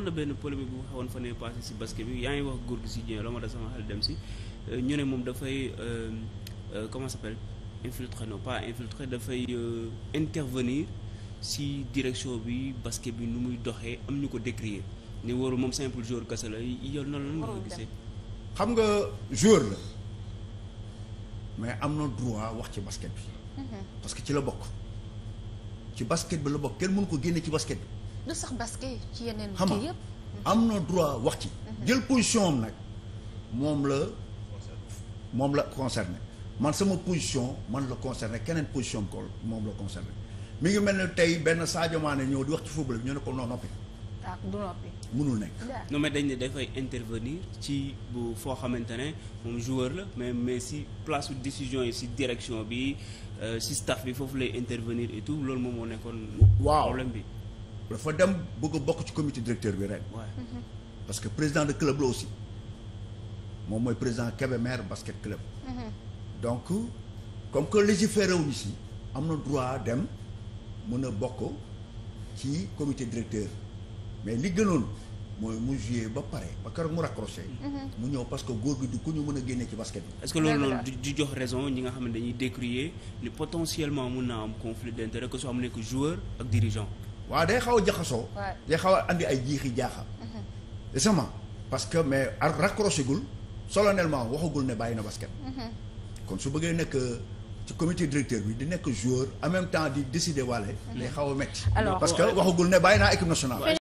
amoon na benn polémique bu xewoon fa ne passé si basket bi yaa ngi wax góor gi si Dieng la ma da sama xel dem si euh, ñu ne moom dafay euh, euh, comment ça s'appelle infiltré non pas infiltré dafay intervenir si direction bi basket bi nu muy doxee am ñu ko décrier ni warul moom simple joueur kese la yow nan la nga ko gisee. xam nga joueur la mais am na droit wax ci basket bi. Mhm. parce que ci la bokk. ci basket bi la bokk kenn mënu ko génne ci basket bi. du sax basket ci yeneen kii yëpp am na droit wax ci. Mhm. jël position am nag moom la moom la concerné man sama position man la concerné keneen position ko moom la mi mel ne tey benn Sadio Mané ñëw di wax ci football ne ko noppi. ah du mënul nekk. non ma dañ ne dafay intervenir ci bu foo xamante ne moom joueur la mais mais si place su décision yi si direction bi euh, si staff bi foofu lay intervenir et tout loolu moom moo nekkoon. waaw problème bi. dafa dem bëgg bokk ci comité directeur bi rek. Mm-hmm. parce que président de club la aussi moom mooy président Kébémer basket club. Mm-hmm. donc comme que légiféré wuñu si am na droit dem mun a bokk ci comité directeur mais li gënoon mooy mu joué ba pare ba keroog mu raccroché. Mm-hmm. mu ñëw parce que góor gi ku ñu mën a génne ci basket bi. est-ce que loolu noonu du jox raison ñi nga xam ne dañuy décrier ni potentiellement mun naa am conflit d'intérêt que soo am nekk waa day xaw a jaxasoo. day xaw a andi ay jiixi jaaxa. Mm-hmm. sama parce que mais ar raccroché gul solennellement waxagul ne bàyyi na basket. Mm-hmm. kon su bëggee nekk. Euh, ci comité directeur bi di nekk joueur en même temps di décider waale. Mm-hmm. day xaw a métti. parce que waxagul ne bàyyi naa équipe nationale.